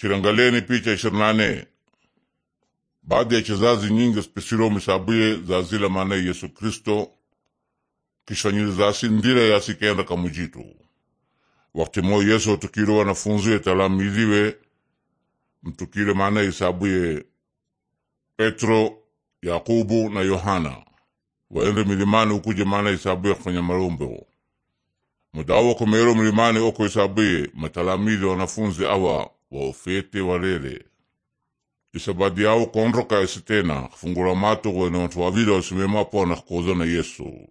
Chirangaleni picha ishirini na nane. Baadhi ya chizazi nyingi spisiro misabuye zazila maana Yesu Kristo zasi ndira kenda kamujitu wakati moyo Yesu tukire wanafunzi we talamiliwe mtukire maana isabuye Petro Yakubu na Yohana waende milimani ukuje maana isabuye kufanya marombo mudawo kumero milimani oko isabuye matalamizi wanafunzi awa waofete walele isabadi yao konroka esi tena kufungula matogoene wantu wavili wasimemapo po na kukoza na yesu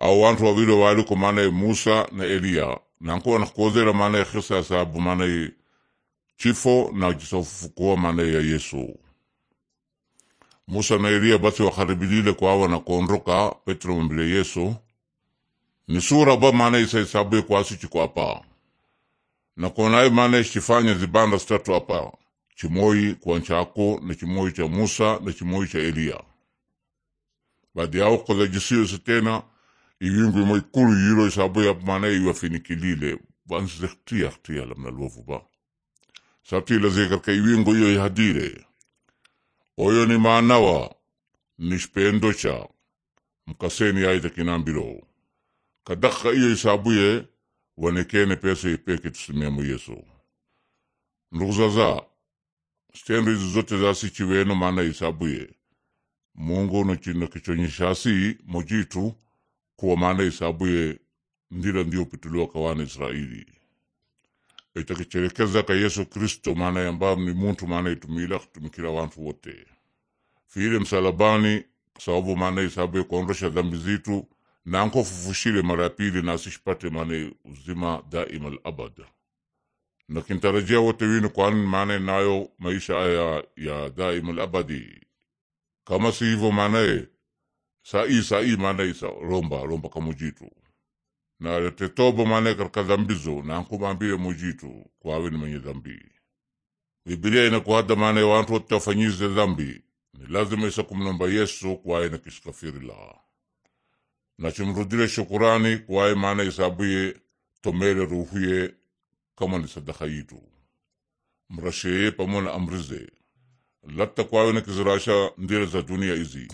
au wantu wavile waliko maanaye musa na eliya nankuwa na kukozela maanaye khisa sabu maanaye chifo na jisafufukuwa maanaye ya yesu musa na eliya basi wakaribilile kwawa na konroka petro mbile yesu ni sura ba maanaye isa isabuye kwasi chikuapa na nakonaye mane chifanya zibanda zitatu hapa chimoi kwa nchako na chimoi cha Musa na chimoi cha Eliya badi yao kwa koza jisiyosi tena iwingu mo ikulu yiro isabu ya mana iwafinikilile bansize khtia khtia lamna luovuba sabti lazekarka iwingu iyo ihadire oyo ni maanawa nishpendo cha mkaseni aita kinambiro kadakha iyo isabuye wanekene pesa ipeke tusimia mu Yesu. Ndugu zaza stendo hizi zote zasichiwenu maana isabuye Mungu nachina kichonyeshasi mojitu kuwa maana isabuye ndila ndio pituliwa kawana Israeli itakicherekeza ka Yesu Kristo maana ambao ni muntu maana itumila kutumikila wantu wote fiile msalabani sababu maana isabuye kuondosha dhambi zitu nankofufushile mara ya pili na asishipate mane uzima daima alabad na kintarajia wote winu kwani maanaye nayo maisha aya ya daima labadi kama si hivyo maanaye sai sai maanaye sa romba romba kamujitu na alete tobo maanaye karka dhambizo na mambile mujitu ni mwenye dhambi bibilia inakuhada maanaye wantu wote dhambi ni lazima isa kumnomba yesu kwaye na kisikafiri laa nachimrudile shukurani kwaye maana isabuye tomele ruhuye kama ni sadaka yitu mrasheye pamona amrize latta kwawe na kizirasha ndire za dunia izi